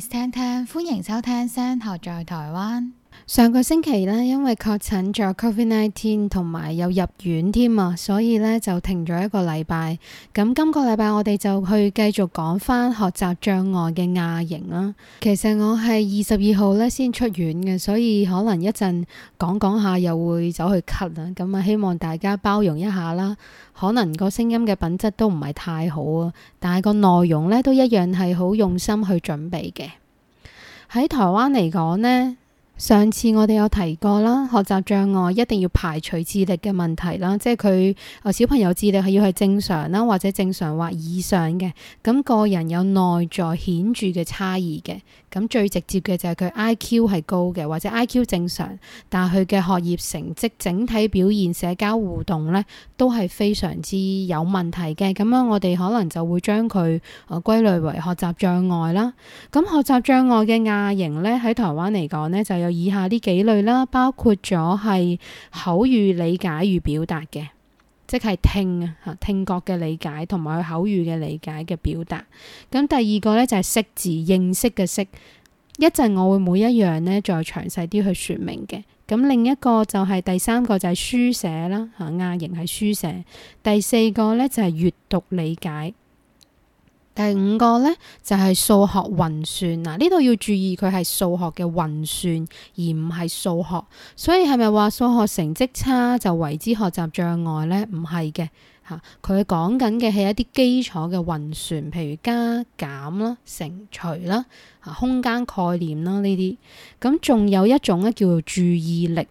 聽聽，an, 歡迎收聽聲《聲學在台灣》。上個星期呢，因為確診咗 Covid nineteen 同埋有又入院添啊，所以呢就停咗一個禮拜。咁、嗯、今個禮拜我哋就去繼續講返學習障礙嘅亞型啦。其實我係二十二號呢先出院嘅，所以可能一陣講講下又會走去咳啦。咁啊，希望大家包容一下啦。可能個聲音嘅品質都唔係太好啊，但係個內容呢都一樣係好用心去準備嘅。喺台灣嚟講呢。上次我哋有提過啦，學習障礙一定要排除智力嘅問題啦，即係佢小朋友智力係要係正常啦，或者正常或以上嘅，咁個人有內在顯著嘅差異嘅。咁最直接嘅就係佢 I.Q 係高嘅，或者 I.Q 正常，但係佢嘅學業成績整體表現、社交互動咧，都係非常之有問題嘅。咁樣我哋可能就會將佢歸類為學習障礙啦。咁學習障礙嘅亞型咧，喺台灣嚟講咧，就有以下呢幾類啦，包括咗係口語理解與表達嘅。即係聽啊，聽覺嘅理解同埋佢口語嘅理解嘅表達。咁第二個呢，就係、是、識字，認識嘅識。一陣我會每一樣呢再詳細啲去說明嘅。咁另一個就係、是、第三個就係書寫啦，吓，亞型係書寫。第四個呢，就係、是、閱讀理解。第五個咧就係數學運算嗱，呢度要注意佢係數學嘅運算而唔係數學，所以係咪話數學成績差就為之學習障礙咧？唔係嘅嚇，佢講緊嘅係一啲基礎嘅運算，譬如加減啦、乘除啦、空間概念啦呢啲。咁仲有一種咧叫做注意力，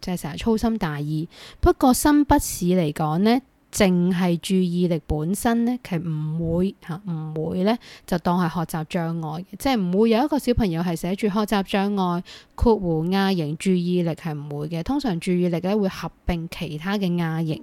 就係成日粗心大意。不過新筆試嚟講咧。淨係注意力本身咧，其實唔會嚇，唔會咧就當係學習障礙，即係唔會有一個小朋友係寫住學習障礙括弧亞型注意力，係唔會嘅，通常注意力咧會合併其他嘅亞型。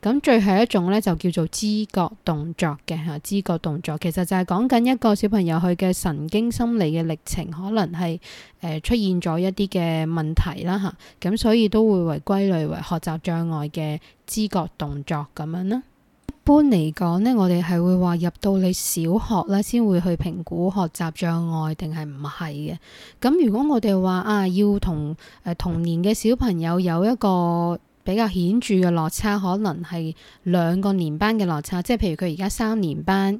咁最後一種咧就叫做知覺動作嘅嚇，知覺動作其實就係講緊一個小朋友佢嘅神經心理嘅歷程，可能係誒出現咗一啲嘅問題啦嚇，咁所以都會為歸類為學習障礙嘅知覺動作咁樣啦。一般嚟講咧，我哋係會話入到你小學啦，先會去評估學習障礙定係唔係嘅。咁如果我哋話啊，要同誒、呃、童年嘅小朋友有一個。比較顯著嘅落差，可能係兩個年班嘅落差，即係譬如佢而家三年班，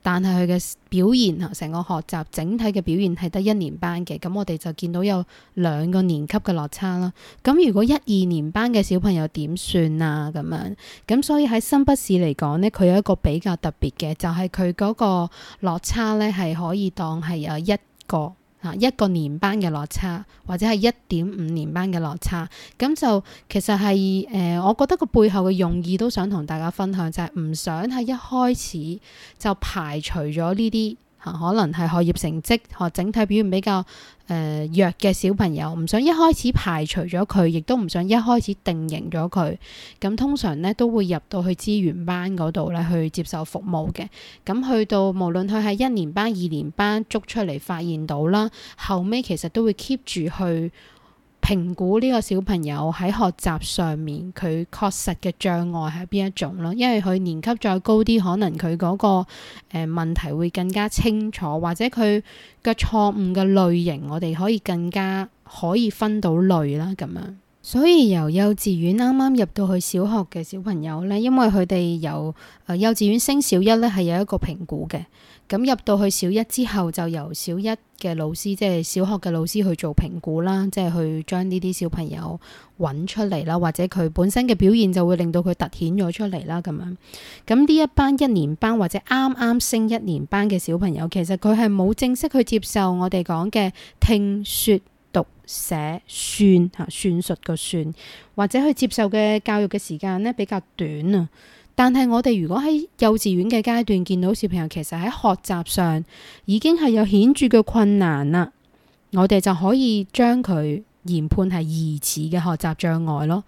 但係佢嘅表現成個學習整體嘅表現係得一年班嘅，咁我哋就見到有兩個年級嘅落差囉。咁如果一二年班嘅小朋友點算啊？咁樣，咁所以喺新北市嚟講呢，佢有一個比較特別嘅，就係佢嗰個落差呢係可以當係有一個。一個年班嘅落差，或者係一點五年班嘅落差，咁就其實係誒、呃，我覺得個背後嘅用意都想同大家分享，就係、是、唔想係一開始就排除咗呢啲。可能係學業成績學整體表現比較誒、呃、弱嘅小朋友，唔想一開始排除咗佢，亦都唔想一開始定型咗佢。咁通常咧都會入到去資源班嗰度咧去接受服務嘅。咁去到無論佢係一年班、二年班捉出嚟發現到啦，後尾其實都會 keep 住去。評估呢個小朋友喺學習上面佢確實嘅障礙係邊一種咯？因為佢年級再高啲，可能佢嗰、嗰個誒、呃、問題會更加清楚，或者佢嘅錯誤嘅類型，我哋可以更加可以分到類啦咁樣。所以由幼稚園啱啱入到去小學嘅小朋友呢，因為佢哋由幼稚園升小一呢，係有一個評估嘅。咁入到去小一之後，就由小一嘅老師，即係小學嘅老師去做評估啦，即係去將呢啲小朋友揾出嚟啦，或者佢本身嘅表現就會令到佢突顯咗出嚟啦，咁樣。咁呢一班一年班或者啱啱升一年班嘅小朋友，其實佢係冇正式去接受我哋講嘅聽、說、讀、寫、算嚇算術個算，或者去接受嘅教育嘅時間呢比較短啊。但係我哋如果喺幼稚園嘅階段見到小朋友，其實喺學習上已經係有顯著嘅困難啦，我哋就可以將佢研判係疑似嘅學習障礙咯。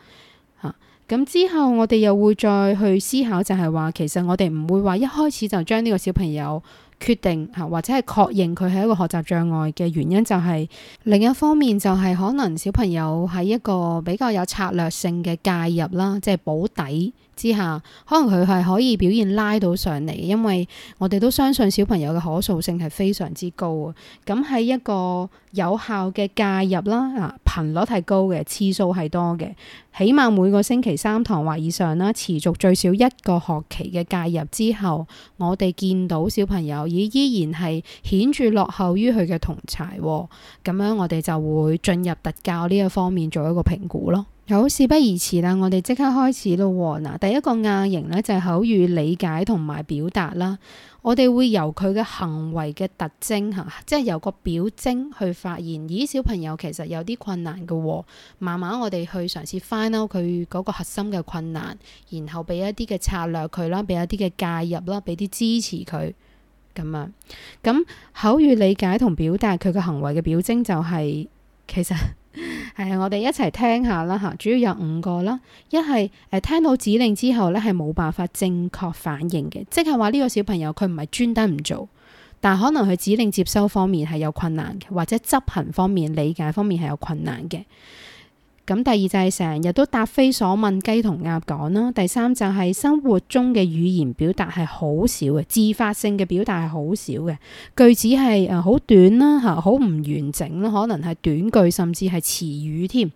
吓、啊，咁之後我哋又會再去思考就，就係話其實我哋唔會話一開始就將呢個小朋友。決定吓，或者係確認佢係一個學習障礙嘅原因，就係，就係另一方面就係可能小朋友喺一個比較有策略性嘅介入啦，即係保底之下，可能佢係可以表現拉到上嚟，因為我哋都相信小朋友嘅可塑性係非常之高啊！咁喺一個有效嘅介入啦，啊頻率係高嘅，次數係多嘅。起碼每個星期三堂或以上啦，持續最少一個學期嘅介入之後，我哋見到小朋友已依然係顯著落後於佢嘅同儕，咁樣我哋就會進入特教呢一方面做一個評估咯。好，事不宜遲啦，我哋即刻開始咯。嗱，第一個亞型咧就係口語理解同埋表達啦。我哋會由佢嘅行為嘅特徵嚇，即係由個表徵去發現。咦，小朋友其實有啲困難嘅哦。慢慢我哋去嘗試 find out 佢嗰個核心嘅困難，然後俾一啲嘅策略佢啦，俾一啲嘅介入啦，俾啲支持佢咁啊。咁口語理解同表達佢嘅行為嘅表徵就係其實，係啊，我哋一齊聽下啦，吓，主要有五個啦。一係誒，聽到指令之後咧，係冇辦法正確反應嘅，即係話呢個小朋友佢唔係專登唔做，但可能佢指令接收方面係有困難嘅，或者執行方面、理解方面係有困難嘅。咁第二就係成日都答非所問，雞同鴨講啦，第三就係生活中嘅語言表達係好少嘅，自發性嘅表達係好少嘅，句子係誒好短啦，好唔完整啦，可能係短句，甚至係詞語添。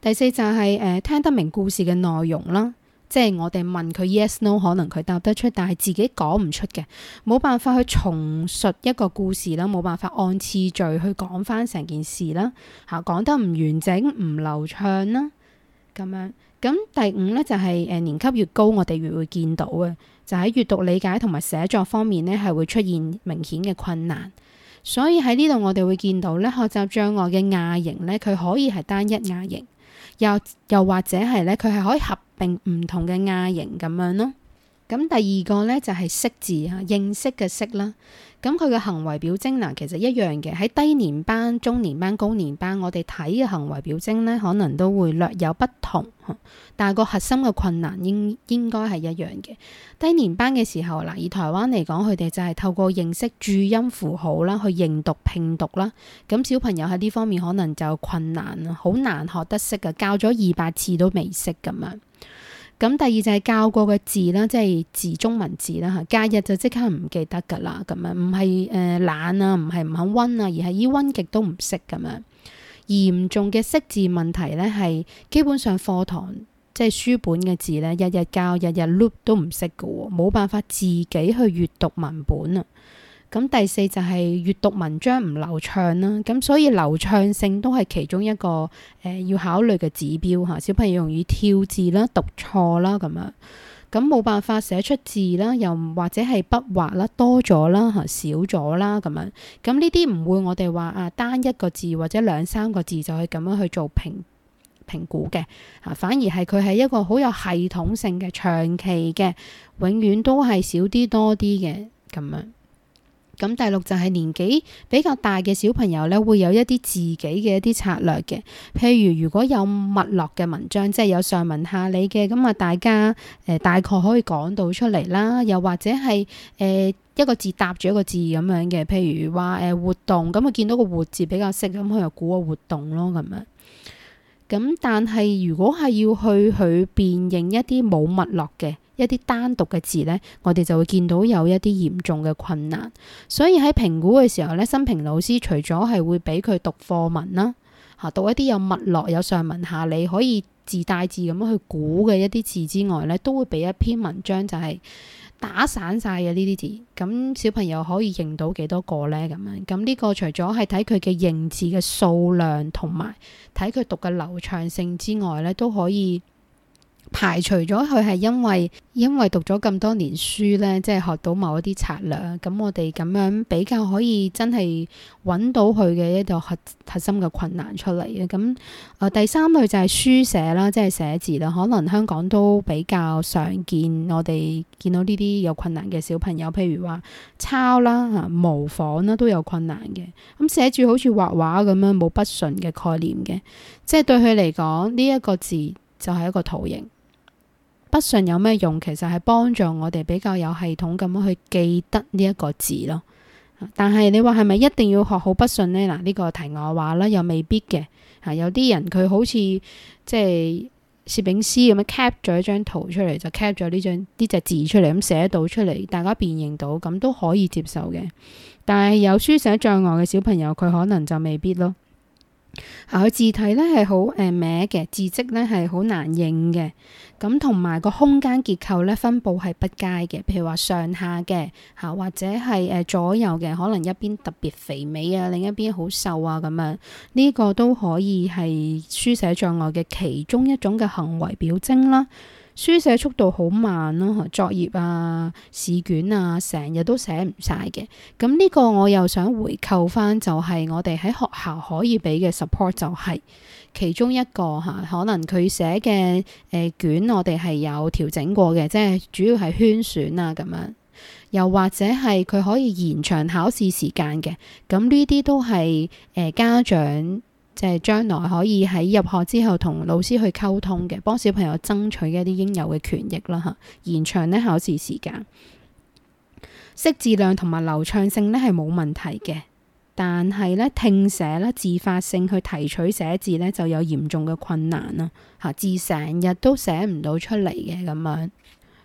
第四就係誒、呃、聽得明故事嘅內容啦。即係我哋問佢 yes no，可能佢答得出，但係自己講唔出嘅，冇辦法去重述一個故事啦，冇辦法按次序去講翻成件事啦，吓講得唔完整，唔流暢啦，咁樣。咁，嗯，第五呢，就係誒，年級越高，我哋越會見到嘅，就喺閱讀理解同埋寫作方面呢，係會出現明顯嘅困難。所以喺呢度我哋會見到呢，學習障礙嘅亞型呢，佢可以係單一亞型，又又或者係呢，佢係可以合。並唔同嘅亞型咁樣咯。咁、嗯、第二個咧就係、是、識字啊，認識嘅識啦。咁佢嘅行為表徵嗱、啊，其實一樣嘅喺低年班、中年班、高年班，我哋睇嘅行為表徵咧，可能都會略有不同，啊、但係個核心嘅困難應該應該係一樣嘅。低年班嘅時候嗱、啊，以台灣嚟講，佢哋就係透過認識注音符號啦，去認讀拼讀啦。咁、啊嗯、小朋友喺呢方面可能就困難啊，好難學得識嘅、啊，教咗二百次都未識咁樣。啊。咁第二就係教過嘅字啦，即係字中文字啦嚇，隔日就即刻唔記得㗎喇，咁樣唔係誒懶啊，唔係唔肯温啊，而係依温極都唔識咁樣。嚴重嘅識字問題咧，係基本上課堂即係書本嘅字咧，日日教日日 look 都唔識㗎喎，冇辦法自己去閱讀文本啊。咁第四就係閱讀文章唔流暢啦，咁所以流暢性都係其中一個誒、呃、要考慮嘅指標吓、啊。小朋友容易跳字啦、讀錯啦咁樣，咁冇辦法寫出字啦，又或者係筆畫啦多咗啦吓少咗啦咁樣。咁呢啲唔會我哋話啊單一個字或者兩三個字就去咁樣去做評評估嘅吓、啊，反而係佢係一個好有系統性嘅長期嘅，永遠都係少啲多啲嘅咁樣。咁第六就係年紀比較大嘅小朋友呢，會有一啲自己嘅一啲策略嘅。譬如如果有脈絡嘅文章，即係有上文下理嘅，咁啊大家誒、呃、大概可以講到出嚟啦。又或者係誒、呃、一個字搭住一個字咁樣嘅。譬如話誒、呃、活動，咁啊見到個活字比較識，咁佢又估個活動咯咁啊。咁但係如果係要去佢辨認一啲冇脈絡嘅，一啲單獨嘅字咧，我哋就會見到有一啲嚴重嘅困難。所以喺評估嘅時候咧，新評老師除咗係會俾佢讀課文啦，嚇讀一啲有脈絡、有上文下理可以自帶字帶字咁樣去估嘅一啲字之外咧，都會俾一篇文章就係打散晒嘅呢啲字，咁小朋友可以認到幾多個咧？咁樣咁呢個除咗係睇佢嘅認字嘅數量同埋睇佢讀嘅流暢性之外咧，都可以。排除咗佢係因為因為讀咗咁多年書咧，即係學到某一啲策略咁，我哋咁樣比較可以真係揾到佢嘅一個核核心嘅困難出嚟嘅。咁、呃、第三類就係書寫啦，即係寫字啦。可能香港都比較常見，我哋見到呢啲有困難嘅小朋友，譬如話抄啦、啊、模仿啦都有困難嘅。咁、嗯、寫住好似畫畫咁樣冇筆順嘅概念嘅，即係對佢嚟講呢一個字就係一個圖形。筆順有咩用？其實係幫助我哋比較有系統咁樣去記得呢一個字咯。但係你話係咪一定要學好筆順呢？嗱，呢個題外話啦，又未必嘅。啊，有啲人佢好似即係攝影師咁樣 cap 咗一張圖出嚟，就 cap 咗呢張呢隻字出嚟咁寫到出嚟，大家辨認到咁都可以接受嘅。但係有書寫障礙嘅小朋友，佢可能就未必咯。啊，佢字體咧係好誒歪嘅，字迹咧係好難認嘅，咁同埋個空間結構咧分布係不佳嘅，譬如話上下嘅吓，或者係誒左右嘅，可能一邊特別肥美啊，另一邊好瘦啊，咁樣呢個都可以係書寫障礙嘅其中一種嘅行為表徵啦。書寫速度好慢咯，作業啊、試卷啊，成日都寫唔晒嘅。咁、這、呢個我又想回扣返，就係我哋喺學校可以俾嘅 support，就係其中一個嚇。可能佢寫嘅誒卷，我哋係有調整過嘅，即係主要係圈選啊咁樣，又或者係佢可以延長考試時間嘅。咁呢啲都係誒、呃、家長。就係將來可以喺入學之後同老師去溝通嘅，幫小朋友爭取一啲應有嘅權益啦嚇、啊。延長呢考試時間，識字量同埋流暢性呢係冇問題嘅，但係呢，聽寫啦、自發性去提取寫字呢就有嚴重嘅困難啦嚇，字、啊、成日都寫唔到出嚟嘅咁樣。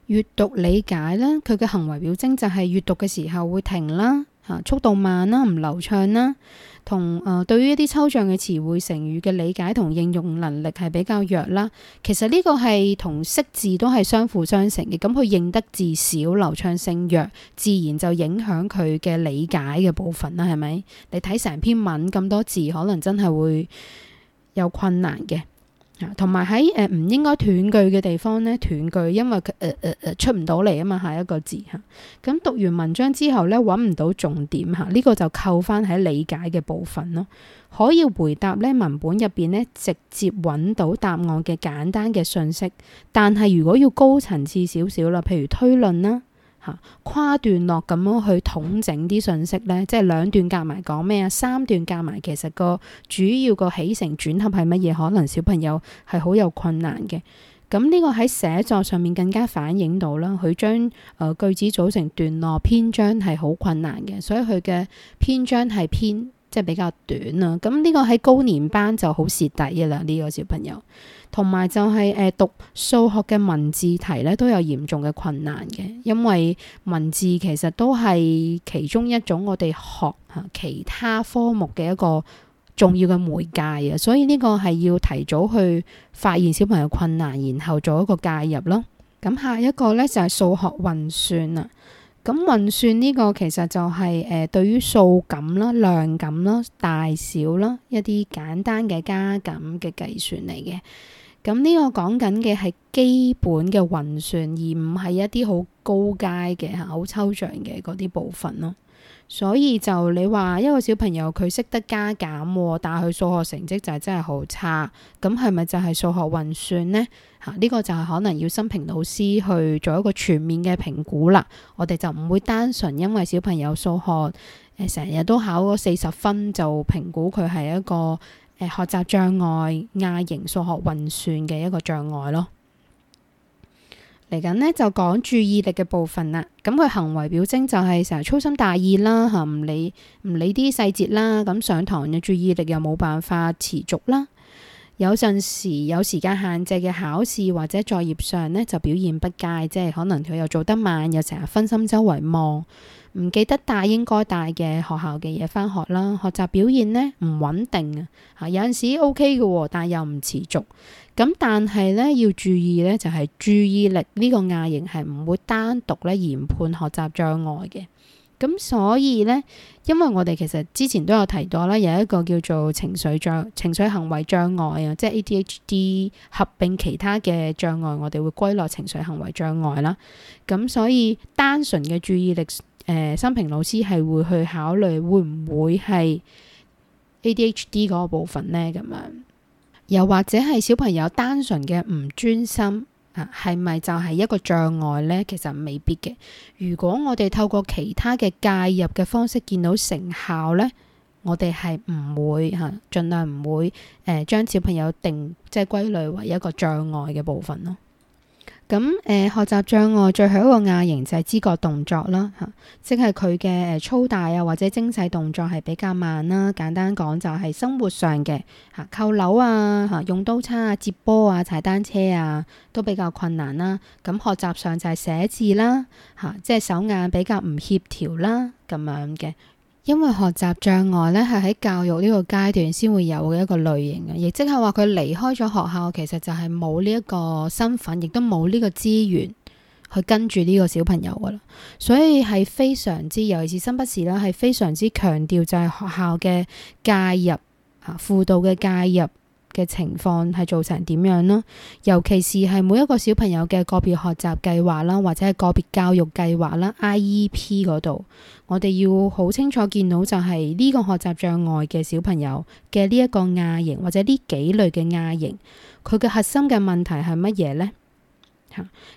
閱讀理解呢，佢嘅行為表徵就係閱讀嘅時候會停啦。啊，速度慢啦，唔流暢啦，同誒、呃、對於一啲抽象嘅詞彙成語嘅理解同應用能力係比較弱啦。其實，呢個係同識字都係相輔相成嘅，咁佢認得字少、流暢性弱，自然就影響佢嘅理解嘅部分啦，係咪？你睇成篇文咁多字，可能真係會有困難嘅。同埋喺誒唔應該斷句嘅地方咧斷句，因為佢誒誒誒出唔到嚟啊嘛，下一個字嚇。咁、啊、讀完文章之後咧揾唔到重點嚇，呢、啊這個就扣翻喺理解嘅部分咯、啊。可以回答咧文本入邊咧直接揾到答案嘅簡單嘅信息，但係如果要高層次少少啦，譬如推論啦。吓跨段落咁樣去統整啲信息呢，即係兩段夾埋講咩啊？三段夾埋，其實個主要個起承轉合係乜嘢？可能小朋友係好有困難嘅。咁、這、呢個喺寫作上面更加反映到啦，佢將誒、呃、句子組成段落篇章係好困難嘅，所以佢嘅篇章係偏。即係比較短啊！咁呢個喺高年班就好蝕底嘅啦，呢個小朋友。同埋就係誒讀數學嘅文字題咧，都有嚴重嘅困難嘅，因為文字其實都係其中一種我哋學其他科目嘅一個重要嘅媒介啊。所以呢個係要提早去發現小朋友困難，然後做一個介入咯。咁下一個咧就係數學運算啊。咁運算呢個其實就係、是、誒、呃、對於數感啦、量感啦、大小啦，一啲簡單嘅加減嘅計算嚟嘅。咁呢個講緊嘅係基本嘅運算，而唔係一啲好高階嘅吓、好抽象嘅嗰啲部分咯。所以就你話一個小朋友佢識得加減，但係佢數學成績就係真係好差，咁係咪就係數學運算呢？吓、這、呢個就係可能要心評老師去做一個全面嘅評估啦。我哋就唔會單純因為小朋友數學誒成日都考嗰四十分就評估佢係一個誒、呃、學習障礙亞型數學運算嘅一個障礙咯。嚟緊呢就講注意力嘅部分啦，咁佢行為表徵就係成日粗心大意啦，吓、唔理唔理啲細節啦，咁上堂嘅注意力又冇辦法持續啦。有陣時有時間限制嘅考試或者作業上呢，就表現不佳，即係可能佢又做得慢，又成日分心周圍望，唔記得帶應該帶嘅學校嘅嘢返學啦。學習表現呢唔穩定啊，有陣時 OK 嘅喎，但係又唔持續。咁但係咧要注意咧，就係、是、注意力呢個亞型係唔會單獨咧研判學習障礙嘅。咁所以咧，因為我哋其實之前都有提到啦，有一個叫做情緒障、情緒行為障礙啊，即係 A D H D 合併其他嘅障礙，我哋會歸落情緒行為障礙啦。咁、嗯、所以單純嘅注意力，誒、呃，心評老師係會去考慮會唔會係 A D H D 嗰個部分咧，咁樣。又或者係小朋友單純嘅唔專心，啊係咪就係一個障礙咧？其實未必嘅。如果我哋透過其他嘅介入嘅方式見到成效咧，我哋係唔會吓、啊、盡量唔會誒、啊、將小朋友定即係、即係、歸類為一個障礙嘅部分咯。咁誒、呃、學習障礙最後一個亞型就係知覺動作啦，嚇、啊，即係佢嘅誒粗大啊或者精細動作係比較慢啦、啊。簡單講就係生活上嘅嚇、啊、扣樓啊嚇、啊、用刀叉啊接波啊，踩單車啊都比較困難啦、啊。咁、啊、學習上就係寫字啦嚇、啊，即係手眼比較唔協調啦咁樣嘅。因為學習障礙咧係喺教育呢個階段先會有嘅一個類型啊，亦即係話佢離開咗學校，其實就係冇呢一個身份，亦都冇呢個資源去跟住呢個小朋友噶啦，所以係非常之，尤其是新不時啦，係非常之強調就係學校嘅介入啊，輔導嘅介入。嘅情況係做成點樣咯？尤其是係每一個小朋友嘅個別學習計劃啦，或者係個別教育計劃啦 （IEP） 嗰度，我哋要好清楚見到就係呢個學習障礙嘅小朋友嘅呢一個亞型或者呢幾類嘅亞型，佢嘅核心嘅問題係乜嘢呢？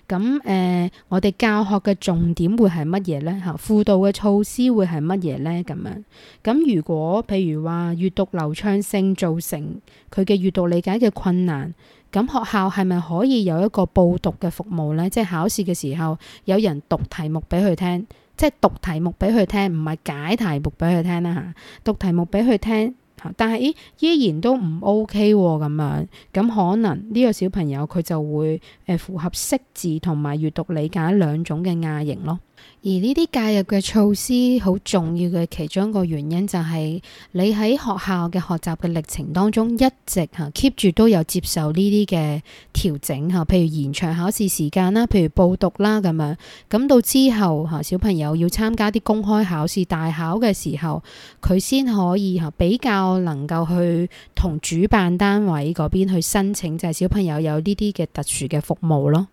咁誒、嗯嗯，我哋教學嘅重點會係乜嘢咧？吓、嗯，輔導嘅措施會係乜嘢咧？咁樣咁，如果譬如話閱讀流暢性造成佢嘅閱讀理解嘅困難，咁、嗯、學校係咪可以有一個報讀嘅服務咧？即係考試嘅時候，有人讀題目俾佢聽，即係讀題目俾佢聽，唔係解題目俾佢聽啦吓、啊，讀題目俾佢聽。但係咦，依然都唔 OK 喎、哦，咁樣咁可能呢個小朋友佢就會誒符合識字同埋閱讀理解兩種嘅亞型咯。而呢啲介入嘅措施，好重要嘅其中一個原因就係你喺學校嘅學習嘅歷程當中，一直吓 keep 住都有接受呢啲嘅調整吓，譬如延長考試時間啦，譬如報讀啦咁樣。咁到之後吓小朋友要參加啲公開考試大考嘅時候，佢先可以吓比較能夠去同主辦單位嗰邊去申請，就係小朋友有呢啲嘅特殊嘅服務咯。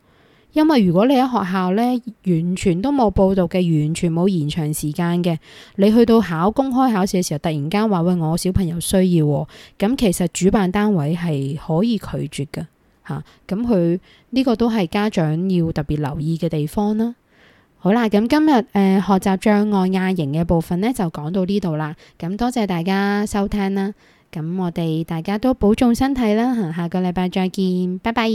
因為如果你喺學校呢，完全都冇報讀嘅，完全冇延長時間嘅，你去到考公開考試嘅時候，突然間話喂，我小朋友需要咁，其實主辦單位係可以拒絕噶吓。咁佢呢個都係家長要特別留意嘅地方啦。好啦，咁今日誒、呃、學習障礙亞型嘅部分呢，就講到呢度啦。咁多謝大家收聽啦。咁我哋大家都保重身體啦，下個禮拜再見，拜拜。